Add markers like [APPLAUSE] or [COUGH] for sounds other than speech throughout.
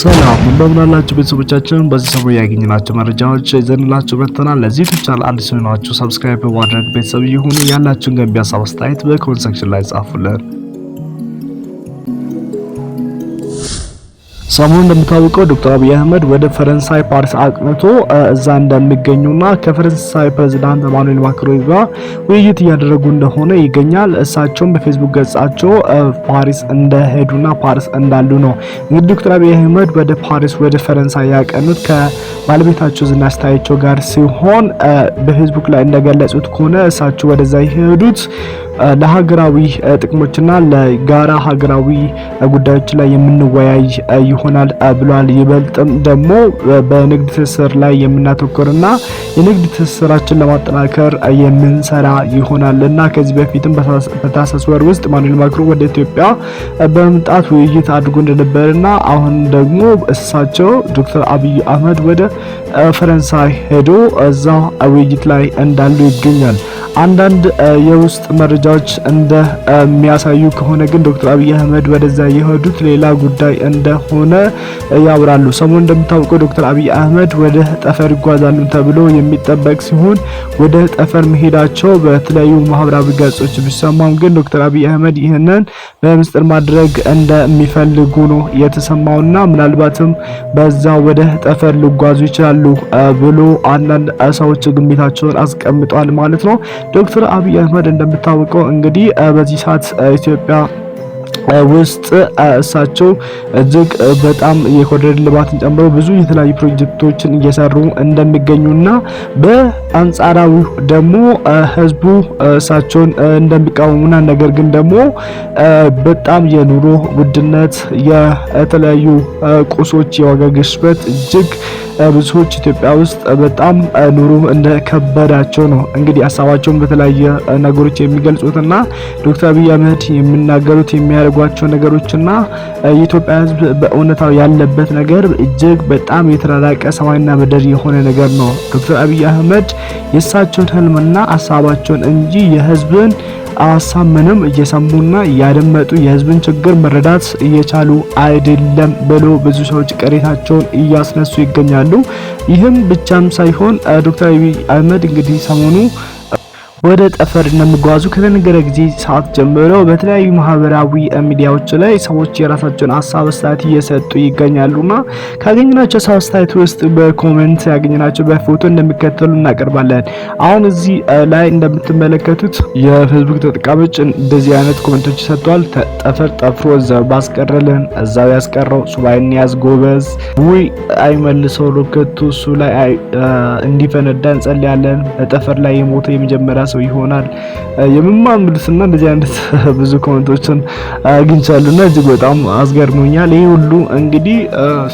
ሰላም እንደምናላችሁ ቤተሰቦቻችን፣ በዚህ ሰሞን ያገኘናቸው መረጃዎች ይዘንላችሁ መጥተናል። ለዚህ ቻናል አዲስ የሆናችሁ ሰብስክራይብ በማድረግ ቤተሰብ ይሁን። ያላችሁን ገንቢ ሀሳብ አስተያየት በኮሜንት ሴክሽን ላይ ጻፉልን። ሰሞኑን እንደምታወቀው ዶክተር አብይ አህመድ ወደ ፈረንሳይ ፓሪስ አቅንቶ እዛ እንደሚገኙና ከፈረንሳይ ፕሬዝዳንት ኢማኑኤል ማክሮን ጋር ውይይት እያደረጉ እንደሆነ ይገኛል። እሳቸውም በፌስቡክ ገጻቸው ፓሪስ እንደሄዱና ፓሪስ እንዳሉ ነው። እንግዲህ ዶክተር አብይ አህመድ ወደ ፓሪስ ወደ ፈረንሳይ ያቀኑት ከባለቤታቸው ዝናሽ ታያቸው ጋር ሲሆን በፌስቡክ ላይ እንደገለጹት ከሆነ እሳቸው ወደዛ የሄዱት ለሀገራዊ ጥቅሞችና ለጋራ ሀገራዊ ጉዳዮች ላይ የምንወያይ ይሆናል ብሏል። ይበልጥም ደግሞ በንግድ ትስስር ላይ የምናተኩርና የንግድ ትስስራችን ለማጠናከር የምንሰራ ይሆናል እና ከዚህ በፊትም በታህሳስ ወር ውስጥ ኢማኑኤል ማክሮ ወደ ኢትዮጵያ በመምጣት ውይይት አድርጎ እንደነበርና አሁን ደግሞ እሳቸው ዶክተር አብይ አህመድ ወደ ፈረንሳይ ሄዶ እዛ ውይይት ላይ እንዳሉ ይገኛል። አንዳንድ የውስጥ መረጃዎች እንደሚያሳዩ ከሆነ ግን ዶክተር አብይ አህመድ ወደዛ የሄዱት ሌላ ጉዳይ እንደሆነ ያብራሉ። ሰሞኑ እንደምታውቀው ዶክተር አብይ አህመድ ወደ ጠፈር ይጓዛሉ ተብሎ የሚጠበቅ ሲሆን ወደ ጠፈር መሄዳቸው በተለያዩ ማህበራዊ ገጾች ቢሰማም ግን ዶክተር አብይ አህመድ ይህንን በምስጢር ማድረግ እንደሚፈልጉ ነው የተሰማውና ምናልባትም በዛ ወደ ጠፈር ሊጓዙ ይችላሉ ብሎ አንዳንድ ሰዎች ግምታቸውን አስቀምጧል ማለት ነው። ዶክተር አብይ አህመድ እንደሚታወቀው እንግዲህ በዚህ ሰዓት ኢትዮጵያ ውስጥ እሳቸው እጅግ በጣም የኮሪደር ልማትን ጨምሮ ብዙ የተለያዩ ፕሮጀክቶችን እየሰሩ እንደሚገኙና በአንጻራዊ ደግሞ ህዝቡ እሳቸውን እንደሚቃወሙና ነገር ግን ደግሞ በጣም የኑሮ ውድነት፣ የተለያዩ ቁሶች የዋጋ ግሽበት እጅግ ብዙዎች ኢትዮጵያ ውስጥ በጣም ኑሮ እንደከበዳቸው ነው እንግዲህ ሀሳባቸውን በተለያየ ነገሮች የሚገልጹትና ዶክተር አብይ አህመድ የሚናገሩት የሚያደርጉ የሚያደርጓቸው ነገሮችና የኢትዮጵያ ሕዝብ በእውነታው ያለበት ነገር እጅግ በጣም የተራራቀ ሰማይና ምድር የሆነ ነገር ነው። ዶክተር አብይ አህመድ የእሳቸውን ህልምና ሀሳባቸውን እንጂ የህዝብን አሳብ ምንም እየሰሙና እያደመጡ የህዝብን ችግር መረዳት እየቻሉ አይደለም ብሎ ብዙ ሰዎች ቅሬታቸውን እያስነሱ ይገኛሉ። ይህም ብቻም ሳይሆን ዶክተር አብይ አህመድ እንግዲህ ሰሞኑ ወደ ጠፈር እንደሚጓዙ ከተነገረ ጊዜ ሰዓት ጀምሮ በተለያዩ ማህበራዊ ሚዲያዎች ላይ ሰዎች የራሳቸውን ሀሳብ አስተያየት እየሰጡ ይገኛሉና ካገኘናቸው ሀሳብ አስተያየት ውስጥ በኮሜንት ያገኘናቸው በፎቶ እንደሚከተሉ እናቀርባለን። አሁን እዚህ ላይ እንደምትመለከቱት የፌስቡክ ተጠቃሚዎች እንደዚህ አይነት ኮሜንቶች ይሰጧል። ጠፈር ጠፍሮ እዛው ባስቀረልን እዛው ያስቀረው ሱባይን ያዝ ጎበዝ፣ ውይ አይመልሰው ሮኬቱ እሱ ላይ እንዲፈነዳ እንጸልያለን። በጠፈር ላይ የሞተ የመጀመሪያ ሰው ይሆናል የመማር ምልስና እንደዚህ አይነት [LAUGHS] ብዙ ኮመንቶችን አግኝቻለሁና እጅግ በጣም አስገርሞኛል። ይሄ ሁሉ እንግዲህ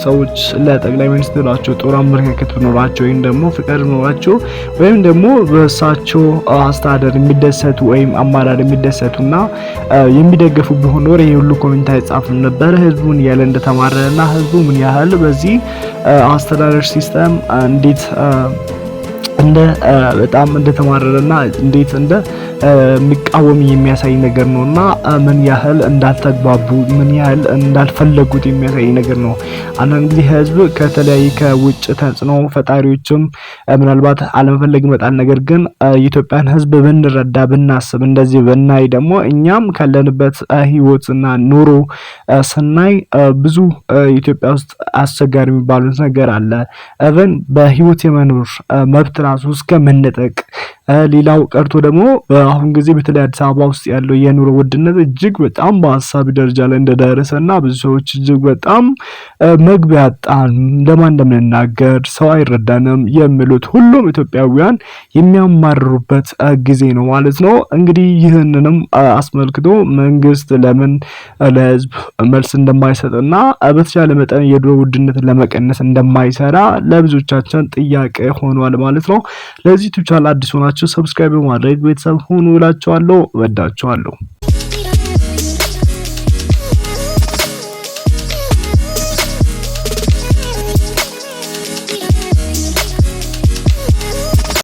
ሰዎች ለጠቅላይ ሚኒስትራቸው ጥሩ አመለካከት ኖራቸው ወይም ደግሞ ፍቅር ኖራቸው ወይም ደግሞ በእሳቸው አስተዳደር የሚደሰቱ ወይም አመራር የሚደሰቱና የሚደገፉ ቢሆን ኖር ይሄ ሁሉ ኮሜንት አይጻፍም ነበር። ህዝቡን ያለ እንደተማረና ህዝቡ ምን ያህል በዚህ አስተዳደር ሲስተም እንዴት እንደ በጣም እንደተማረረና እንዴት እንደ የሚቃወም የሚያሳይ ነገር ነውና ምን ያህል እንዳልተግባቡ ምን ያህል እንዳልፈለጉት የሚያሳይ ነገር ነው። አንዳንድ ጊዜ ህዝብ ከተለያየ ከውጭ ተጽዕኖ ፈጣሪዎችም ምናልባት አለመፈለግ ይመጣል። ነገር ግን የኢትዮጵያን ህዝብ ብንረዳ ብናስብ፣ እንደዚህ ብናይ ደግሞ እኛም ካለንበት ህይወትና ኑሮ ስናይ ብዙ ኢትዮጵያ ውስጥ አስቸጋሪ የሚባሉት ነገር አለ እብን በህይወት የመኖር መብት ራሱ እስከ መነጠቅ፣ ሌላው ቀርቶ ደግሞ አሁን ጊዜ በተለይ አዲስ አበባ ውስጥ ያለው የኑሮ ውድነት እጅግ በጣም በአሳቢ ደረጃ ላይ እንደደረሰ እና ብዙ ሰዎች እጅግ በጣም መግቢያ አጣን፣ ለማን እንደምንናገር ሰው አይረዳንም የሚሉት ሁሉም ኢትዮጵያውያን የሚያማርሩበት ጊዜ ነው ማለት ነው። እንግዲህ ይህንንም አስመልክቶ መንግስት ለምን ለህዝብ መልስ እንደማይሰጥና በተቻለ መጠን የኑሮ ውድነትን ለመቀነስ እንደማይሰራ ለብዙዎቻችን ጥያቄ ሆኗል ማለት ነው። ነው። ለዚህ ዩቲዩብ ቻናል አዲስ ሆናችሁ ሰብስክራይብ በማድረግ ቤተሰብ ሁኑ እላችኋለሁ። እወዳችኋለሁ።